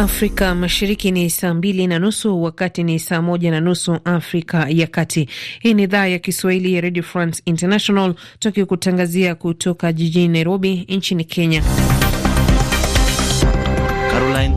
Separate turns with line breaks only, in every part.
Afrika Mashariki ni saa mbili na nusu, wakati ni saa moja na nusu Afrika ya Kati. Hii ni idhaa ya Kiswahili ya Radio France International, tukikutangazia kutoka jijini Nairobi nchini Kenya. Caroline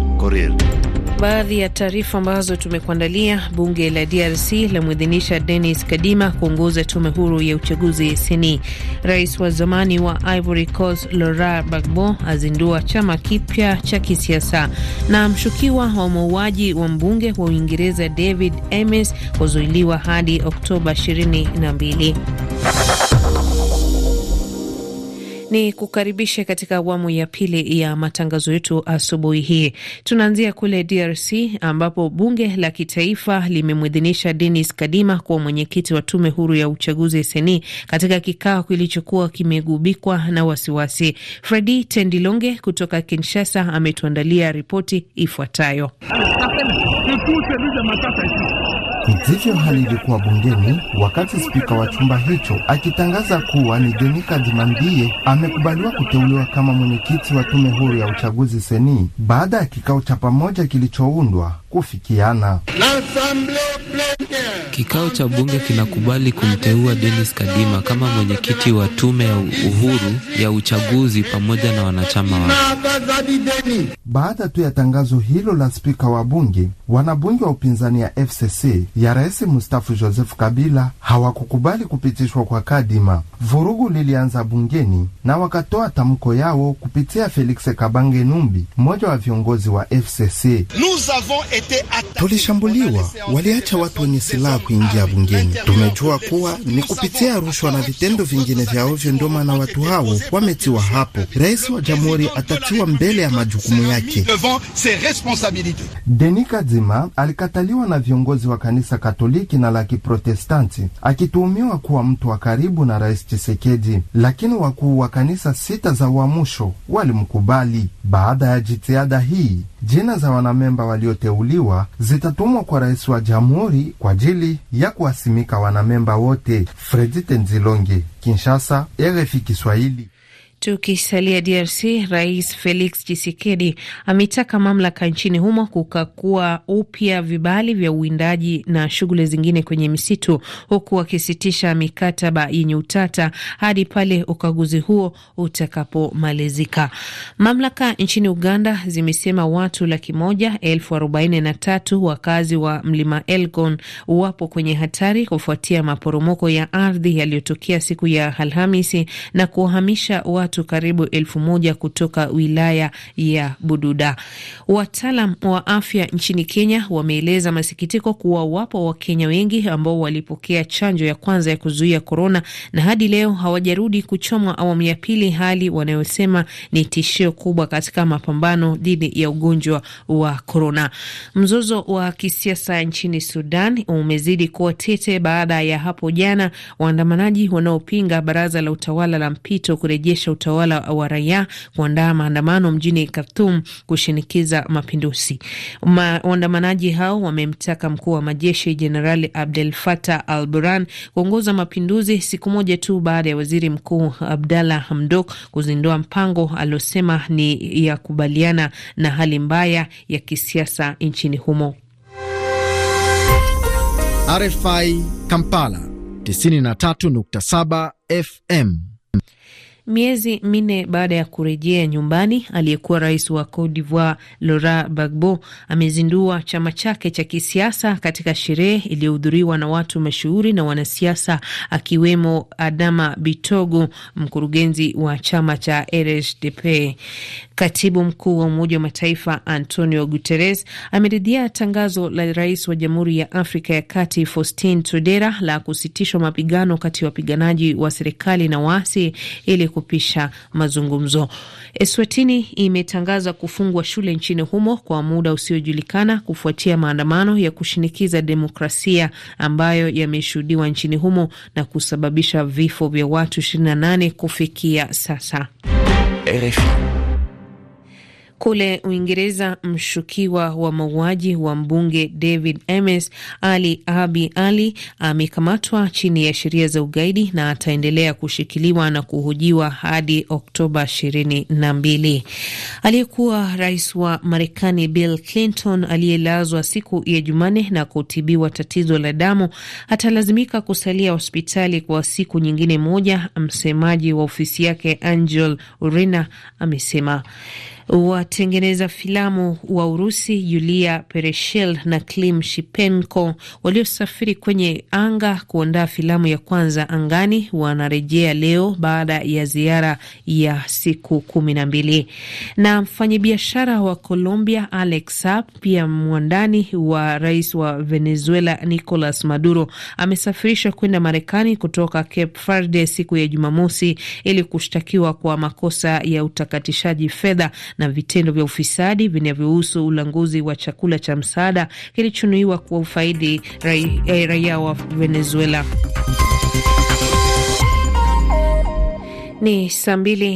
baadhi ya taarifa ambazo tumekuandalia. Bunge la DRC lamwidhinisha Denis Kadima kuongoza tume huru ya uchaguzi seni. Rais wa zamani wa Ivory Coast Laurent Gbagbo azindua chama kipya cha kisiasa, na mshukiwa wa mauaji wa mbunge wa Uingereza David Amess wazuiliwa hadi Oktoba 22. ni kukaribisha katika awamu ya pili ya matangazo yetu asubuhi hii. Tunaanzia kule DRC ambapo bunge la kitaifa limemwidhinisha Denis Kadima kuwa mwenyekiti wa tume huru ya uchaguzi seni katika kikao kilichokuwa kimegubikwa na wasiwasi. Fredi Tendilonge kutoka Kinshasa ametuandalia ripoti ifuatayo.
Ndivyo hali ilikuwa bungeni wakati spika wa chumba hicho akitangaza kuwa ni Donika Dimambie amekubaliwa kuteuliwa kama mwenyekiti wa tume huru ya uchaguzi seni baada ya kikao cha pamoja kilichoundwa kufikiana. Kikao cha bunge kinakubali kumteua Denis Kadima kama mwenyekiti wa tume ya uhuru ya uchaguzi pamoja na wanachama wake. Baada tu ya tangazo hilo la spika wa bunge, wanabunge wa upinzani ya FCC ya rais mustafu Joseph Kabila hawakukubali kupitishwa kwa kadima. Vurugu lilianza bungeni na wakatoa tamko yao kupitia Felix Kabange Numbi, mmoja wa viongozi wa FCC. Tulishambuliwa, waliacha watu wenye silaha kuingia bungeni. Tumejua kuwa ni kupitia rushwa na vitendo vingine vya ovyo, ndio maana watu hao wametiwa hapo. Rais wa jamhuri atatiwa mbele ya majukumu yake. Denis Kadima alikataliwa na viongozi wa kanisa kanisa Katoliki na la Kiprotestanti, akituhumiwa kuwa mtu wa karibu na Rais Chisekedi, lakini wakuu wa kanisa sita za uamusho walimkubali. Baada ya jitihada hii, jina za wanamemba walioteuliwa zitatumwa kwa rais wa jamhuri kwa ajili ya kuwasimika wanamemba wote. Fredi Tenzilonge, Kinshasa, RFI Kiswahili.
Tukisalia DRC, Rais Felix chisekedi ametaka mamlaka nchini humo kukakua upya vibali vya uwindaji na shughuli zingine kwenye misitu, huku akisitisha mikataba yenye utata hadi pale ukaguzi huo utakapomalizika. Mamlaka nchini Uganda zimesema watu laki moja elfu arobaini na tatu wakazi wa mlima Elgon wapo kwenye hatari kufuatia maporomoko ya ardhi yaliyotokea siku ya Alhamisi na kuwahamisha watu watu karibu elfu moja kutoka wilaya ya Bududa. Wataalam wa afya nchini Kenya wameeleza masikitiko kuwa wapo Wakenya wengi ambao walipokea chanjo ya kwanza ya kuzuia korona na hadi leo hawajarudi kuchomwa awamu ya pili, hali wanayosema ni tishio kubwa katika mapambano dhidi ya ugonjwa wa korona. Mzozo wa kisiasa nchini Sudan umezidi kuwa tete baada ya hapo jana waandamanaji wanaopinga baraza la utawala la mpito kurejesha utawala wa raia kuandaa maandamano mjini Khartoum kushinikiza mapinduzi. Waandamanaji hao wamemtaka mkuu wa majeshi Jenerali Abdel Fattah al Burhan kuongoza mapinduzi siku moja tu baada ya waziri mkuu Abdallah Hamdok kuzindua mpango aliosema ni ya kubaliana na hali mbaya ya kisiasa nchini humo. RFI Kampala 93.7 FM Miezi minne baada ya kurejea nyumbani, aliyekuwa rais wa Cote d'Ivoire Laurent Gbagbo amezindua chama chake cha kisiasa katika sherehe iliyohudhuriwa na watu mashuhuri na wanasiasa, akiwemo Adama Bitogo, mkurugenzi wa chama cha RHDP. Katibu mkuu wa Umoja wa Mataifa Antonio Guterres ameridhia tangazo la rais wa Jamhuri ya Afrika ya Kati Faustin Todera la kusitishwa mapigano kati ya wapiganaji wa serikali na waasi ili kupisha mazungumzo. Eswatini imetangaza kufungwa shule nchini humo kwa muda usiojulikana kufuatia maandamano ya kushinikiza demokrasia ambayo yameshuhudiwa nchini humo na kusababisha vifo vya watu 28 kufikia sasa. RFI. Kule Uingereza, mshukiwa wa mauaji wa mbunge David Amess Ali Abi Ali amekamatwa chini ya sheria za ugaidi na ataendelea kushikiliwa na kuhojiwa hadi Oktoba ishirini na mbili. Aliyekuwa rais wa Marekani Bill Clinton aliyelazwa siku ya Jumanne na kutibiwa tatizo la damu atalazimika kusalia hospitali kwa siku nyingine moja, msemaji wa ofisi yake Angel Urena amesema. Watengeneza filamu wa Urusi Yulia Pereshel na Klim Shipenko waliosafiri kwenye anga kuandaa filamu ya kwanza angani wanarejea leo baada ya ziara ya siku kumi na mbili. Na mfanyabiashara wa Colombia Alex Saab pia mwandani wa rais wa Venezuela Nicolas Maduro amesafirishwa kwenda Marekani kutoka Cape Verde siku ya Jumamosi ili kushtakiwa kwa makosa ya utakatishaji fedha na vitendo vya ufisadi vinavyohusu ulanguzi wa chakula cha msaada kilichonuiwa kwa ufaidi eh, raia rai wa Venezuela. Ni saa mbili